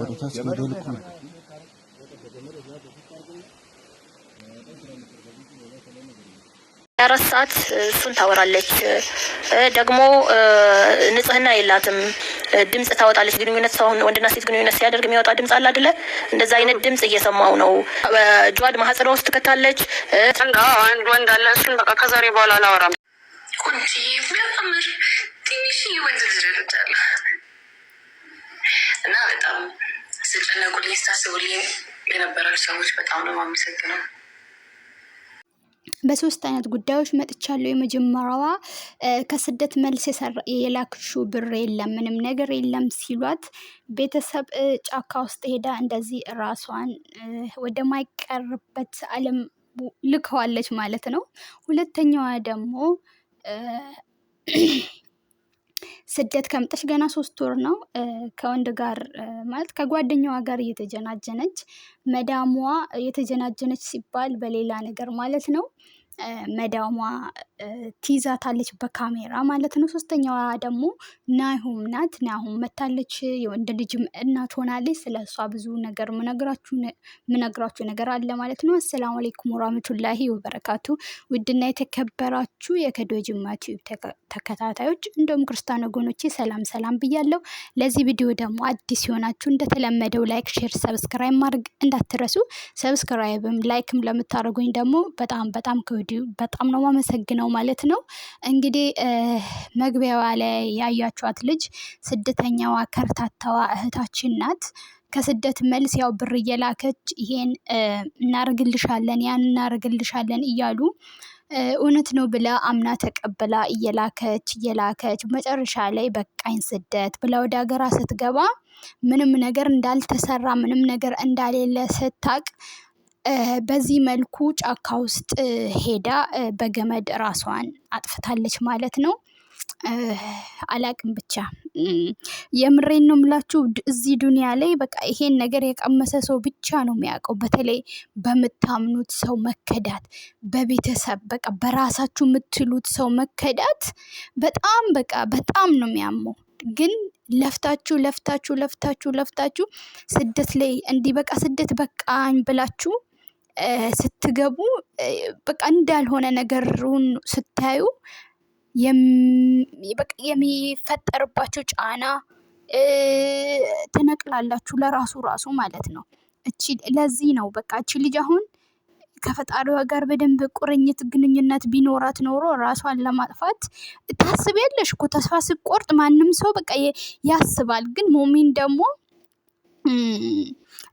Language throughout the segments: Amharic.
ወደታች ወደ ልኩ አራት ሰዓት እሱን ታወራለች። ደግሞ ንጽህና የላትም፣ ድምፅ ታወጣለች። ግንኙነት ሰውን ወንድና ሴት ግንኙነት ሲያደርግ የሚያወጣ ድምፅ አለ አይደለ? እንደዛ አይነት ድምፅ እየሰማው ነው። ጅዋድ ማህፀኗ ውስጥ ትከታለች። አንድ ወንድ አለ። እሱን በቃ ከዛሬ በኋላ አላወራም። ላይ የነበራችሁ ሰዎች በጣም ነው የማመሰግነው። በሶስት አይነት ጉዳዮች መጥቻለሁ። የመጀመሪያዋ ከስደት መልስ የላክሹ ብር የለም ምንም ነገር የለም ሲሏት ቤተሰብ ጫካ ውስጥ ሄዳ እንደዚህ ራሷን ወደማይቀርበት ዓለም ልከዋለች ማለት ነው። ሁለተኛዋ ደግሞ ስደት ከምጠሽ ገና ሶስት ወር ነው። ከወንድ ጋር ማለት ከጓደኛዋ ጋር እየተጀናጀነች መዳሟ፣ እየተጀናጀነች ሲባል በሌላ ነገር ማለት ነው። መዳሟ ትይዛታለች በካሜራ ማለት ነው። ሶስተኛዋ ደግሞ ናሁም ናት። ናሁም መታለች እንደ ልጅም እናት ሆናለች። ስለ እሷ ብዙ ነገር ምነግራችሁ ነገር አለ ማለት ነው። አሰላሙ አሌይኩም ወራህመቱላሂ ወበረካቱ። ውድና የተከበራችሁ የከዶጅማ ቲዩብ ተከታታዮች እንደውም ክርስቲያን ወገኖቼ ሰላም ሰላም ብያለሁ። ለዚህ ቪዲዮ ደግሞ አዲስ የሆናችሁ እንደተለመደው ላይክ፣ ሼር፣ ሰብስክራይብ ማድረግ እንዳትረሱ። ሰብስክራይብም ላይክም ለምታደርጉኝ ደግሞ በጣም በጣም ከወዲሁ በጣም ነው ማመሰግነው ማለት ነው። እንግዲህ መግቢያዋ ላይ ያያችኋት ልጅ ስደተኛዋ ከርታታዋ እህታችን ናት። ከስደት መልስ ያው ብር እየላከች ይሄን እናርግልሻለን ያን እናርግልሻለን እያሉ እውነት ነው ብላ አምና ተቀብላ እየላከች እየላከች መጨረሻ ላይ በቃኝ ስደት ብላ ወደ ሀገሯ ስትገባ ምንም ነገር እንዳልተሰራ ምንም ነገር እንዳሌለ ስታቅ በዚህ መልኩ ጫካ ውስጥ ሄዳ በገመድ ራሷን አጥፍታለች ማለት ነው። አላቅም ብቻ የምሬን ነው የምላችሁ። እዚህ ዱንያ ላይ በቃ ይሄን ነገር የቀመሰ ሰው ብቻ ነው የሚያውቀው። በተለይ በምታምኑት ሰው መከዳት፣ በቤተሰብ በቃ በራሳችሁ የምትሉት ሰው መከዳት በጣም በቃ በጣም ነው የሚያመው። ግን ለፍታችሁ ለፍታችሁ ለፍታችሁ ለፍታችሁ ስደት ላይ እንዲህ በቃ ስደት በቃኝ ብላችሁ ስትገቡ በቃ እንዳልሆነ ነገሩን ስታዩ የሚፈጠርባቸው ጫና ትነቅላላችሁ ለራሱ ራሱ ማለት ነው። እቺ ለዚህ ነው በቃ እቺ ልጅ አሁን ከፈጣሪዋ ጋር በደንብ ቁርኝት ግንኙነት ቢኖራት ኖሮ ራሷን ለማጥፋት ታስብ ያለሽ እኮ ተስፋ ስቆርጥ ማንም ሰው በቃ ያስባል። ግን ሞሚን ደግሞ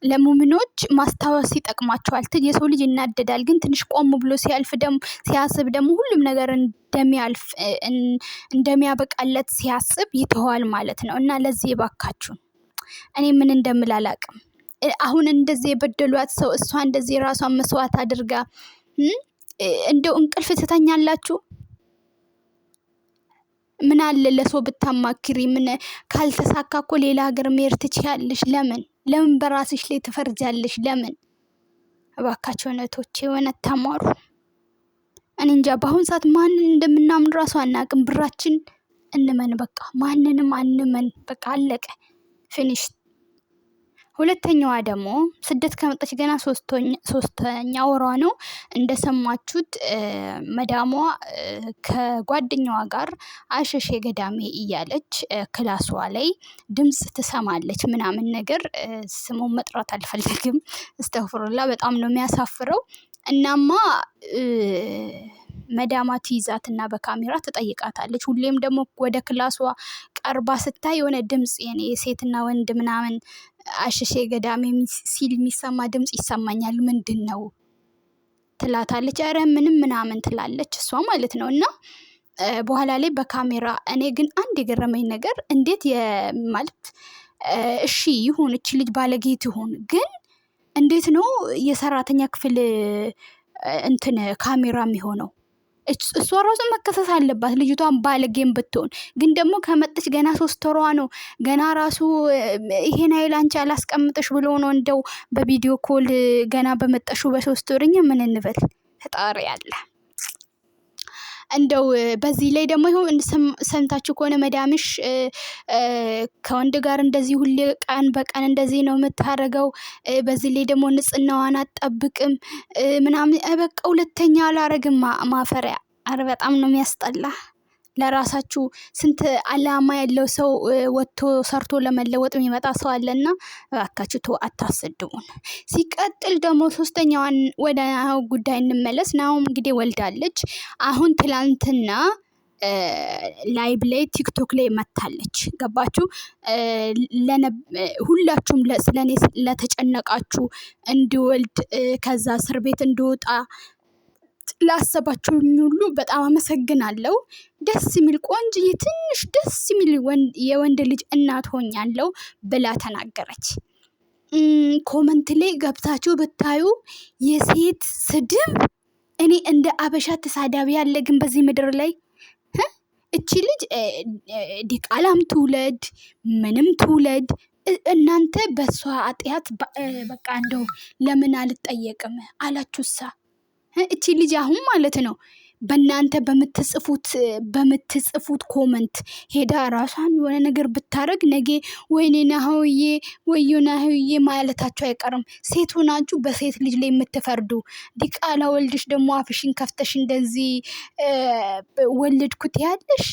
ለሙሚኖች ማስታወስ ይጠቅማቸዋል። የሰው ልጅ እናደዳል፣ ግን ትንሽ ቆም ብሎ ሲያልፍ ደግሞ ሲያስብ ደግሞ ሁሉም ነገር እንደሚያልፍ እንደሚያበቃለት ሲያስብ ይተዋል ማለት ነው እና ለዚህ የባካችሁ እኔ ምን እንደምል አላውቅም። አሁን እንደዚህ የበደሏት ሰው እሷ እንደዚህ ራሷን መስዋዕት አድርጋ እንደው እንቅልፍ ትተኛላችሁ? ምን አለ ለሰው ብታማክሪ? ምን ካልተሳካ እኮ ሌላ ሀገር መሄድ ትችያለሽ። ለምን ለምን በራስሽ ላይ ትፈርጃለሽ? ለምን እባካቸው እውነቶቼ የሆነ ተማሩ። እኔ እንጃ በአሁን ሰዓት ማንን እንደምናምን ራሱ አናቅም። ብራችን እንመን በቃ ማንንም አንመን። በቃ አለቀ ፊኒሽት ሁለተኛዋ ደግሞ ስደት ከመጣች ገና ሶስተኛ ወሯ ነው። እንደሰማችሁት መዳሟ ከጓደኛዋ ጋር አሸሼ ገዳሜ እያለች ክላሷ ላይ ድምፅ ትሰማለች ምናምን ነገር ስሙን መጥራት አልፈልግም። እስተፍሩላ በጣም ነው የሚያሳፍረው። እናማ መዳማ ትይዛትና በካሜራ ትጠይቃታለች። ሁሌም ደግሞ ወደ ክላሷ ቀርባ ስታይ የሆነ ድምፅ የሴትና ወንድ ምናምን አሸሼ ገዳሜ ሲል የሚሰማ ድምፅ ይሰማኛል፣ ምንድን ነው ትላታለች። ኧረ ምንም ምናምን ትላለች እሷ ማለት ነው እና በኋላ ላይ በካሜራ እኔ ግን አንድ የገረመኝ ነገር እንዴት ማለት እሺ ይሁን እች ልጅ ባለጌት ይሁን ግን እንዴት ነው የሰራተኛ ክፍል እንትን ካሜራ የሚሆነው? እሷ ራሱ መከሰስ አለባት ልጅቷን ባለጌም ብትሆን። ግን ደግሞ ከመጠች ገና ሶስት ወሯ ነው። ገና ራሱ ይሄን ሀይል አንቺ አላስቀምጥሽ ብሎ ነው እንደው በቪዲዮ ኮል ገና በመጠሹ በሶስት ወርኛ ምን እንበል ፈጣሪ አለ። እንደው በዚህ ላይ ደግሞ ይሁን ሰምታችሁ ከሆነ መዳምሽ ከወንድ ጋር እንደዚህ ሁሌ ቀን በቀን እንደዚህ ነው የምታደርገው፣ በዚህ ላይ ደግሞ ንጽህናዋን አትጠብቅም ምናምን፣ በቃ ሁለተኛ አላረግም ማፈሪያ። አረ በጣም ነው የሚያስጠላ። ለራሳችሁ ስንት አላማ ያለው ሰው ወጥቶ ሰርቶ ለመለወጥ የሚመጣ ሰው አለና እባካችሁ ተው፣ አታሰድቡን። ሲቀጥል ደግሞ ሶስተኛዋን ወደ ናሆም ጉዳይ እንመለስ። ናሆም እንግዲህ ወልዳለች። አሁን ትላንትና ላይብ ላይ ቲክቶክ ላይ መታለች። ገባችሁ? ሁላችሁም ስለኔ ለተጨነቃችሁ እንዲወልድ ከዛ እስር ቤት እንድወጣ ላሰባችሁኝ ሁሉ በጣም አመሰግናለሁ። ደስ የሚል ቆንጅዬ የትንሽ ደስ የሚል የወንድ ልጅ እናት ሆኛለሁ ብላ ተናገረች። ኮመንት ላይ ገብታችሁ ብታዩ የሴት ስድብ እኔ እንደ አበሻ ተሳዳቢ ያለ ግን በዚህ ምድር ላይ እቺ ልጅ ዲቃላም ትውለድ ምንም ትውለድ እናንተ በእሷ አጥያት በቃ እንደው ለምን አልጠየቅም አላችሁሳ? እቺ ልጅ አሁን ማለት ነው በእናንተ በምትጽፉት በምትጽፉት ኮመንት ሄዳ ራሷን የሆነ ነገር ብታደረግ ነገ ወይኔ ናሆዬ ወዮ ናሆዬ ማለታቸው አይቀርም። ሴት ሆናችሁ በሴት ልጅ ላይ የምትፈርዱ ዲቃላ ወልድሽ ደግሞ አፍሽን ከፍተሽ እንደዚህ ወለድኩት ያለሽ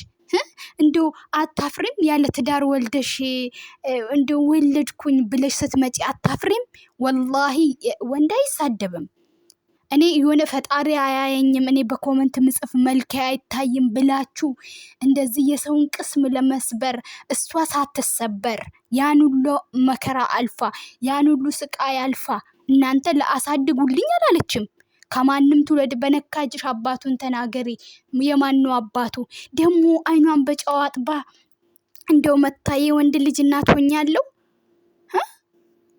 እንዲ አታፍሪም? ያለ ትዳር ወልደሽ እንዲ ወለድኩኝ ብለሽ ስትመጪ አታፍሪም? ወላሂ ወንድ አይሳደብም። እኔ የሆነ ፈጣሪ አያየኝም፣ እኔ በኮመንት ምጽፍ መልክ አይታይም ብላችሁ እንደዚህ የሰውን ቅስም ለመስበር እሷ ሳትሰበር ያን ሁሉ መከራ አልፋ ያን ሁሉ ስቃይ አልፋ እናንተ ለአሳድጉልኝ አላለችም። ከማንም ትውለድ በነካጅሽ አባቱን ተናገሪ። የማነው አባቱ ደግሞ አይኗን በጨዋጥባ እንደው መታዬ ወንድ ልጅ እናት ሆኛለሁ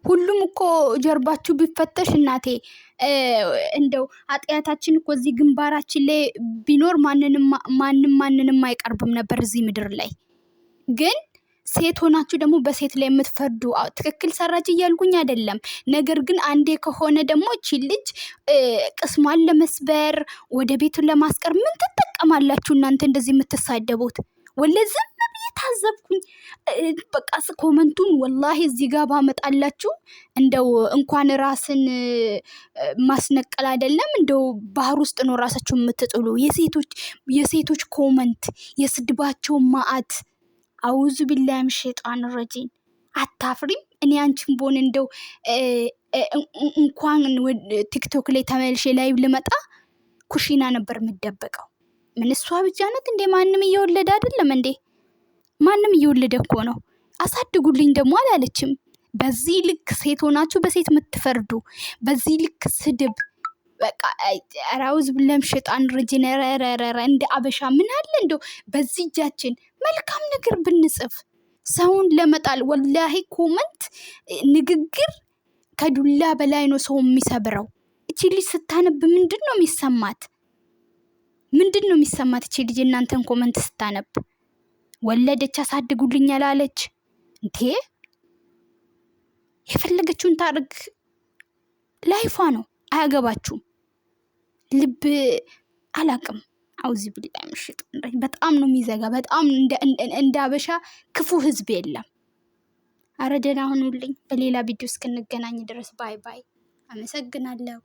ሁሉም እኮ ጀርባችሁ ቢፈተሽ እናቴ እንደው አጥያታችን እኮ እዚህ ግንባራችን ላይ ቢኖር ማንም ማንንም አይቀርብም ነበር እዚህ ምድር ላይ ግን ሴት ሆናችሁ ደግሞ በሴት ላይ የምትፈርዱ ትክክል ሰራች እያልኩኝ አይደለም። ነገር ግን አንዴ ከሆነ ደግሞ እቺ ልጅ ቅስሟን ለመስበር ወደ ቤቱን ለማስቀር ምን ትጠቀማላችሁ እናንተ እንደዚህ የምትሳደቡት ወለዝም ታዘብኩኝ። በቃ ኮመንቱን ወላሂ እዚህ ጋር ባመጣላችሁ እንደው እንኳን ራስን ማስነቀል አይደለም እንደው ባህር ውስጥ ነው ራሳችሁ የምትጥሉ። የሴቶች የሴቶች ኮመንት የስድባቸው ማአት አውዙ ቢላሂም ሸጣን ረጂን አታፍሪም? እኔ አንቺን ቦን እንደው እንኳን ቲክቶክ ላይ ተመልሼ ላይ ልመጣ ኩሽና ነበር የምደበቀው። ምን እሷ ብቻ ናት እንዴ? ማንም እየወለደ አይደለም እንዴ? ማንም እየወለደ እኮ ነው። አሳድጉልኝ ደግሞ አላለችም። በዚህ ልክ ሴት ሆናችሁ በሴት የምትፈርዱ በዚህ ልክ ስድብ በቃ ራውዝ ብለም ሸጣን ርጅነረረረ እንደ አበሻ ምን አለ እንደው በዚህ እጃችን መልካም ነገር ብንጽፍ ሰውን ለመጣል ወላሂ ኮመንት ንግግር ከዱላ በላይ ነው ሰው የሚሰብረው። እቺ ልጅ ስታነብ ምንድን ነው የሚሰማት? ምንድን ነው የሚሰማት እቺ ልጅ እናንተን ኮመንት ስታነብ? ወለደች፣ አሳድጉልኛል አለች። እንቴ የፈለገችውን ታርግ፣ ላይፏ ነው፣ አያገባችሁም። ልብ አላቅም። አውዚ ብላ ምሽጥ በጣም ነው የሚዘጋ። በጣም እንደ አበሻ ክፉ ህዝብ የለም። አረ ደህና ሁኑልኝ። በሌላ ቪዲዮ እስክንገናኝ ድረስ ባይ ባይ። አመሰግናለሁ።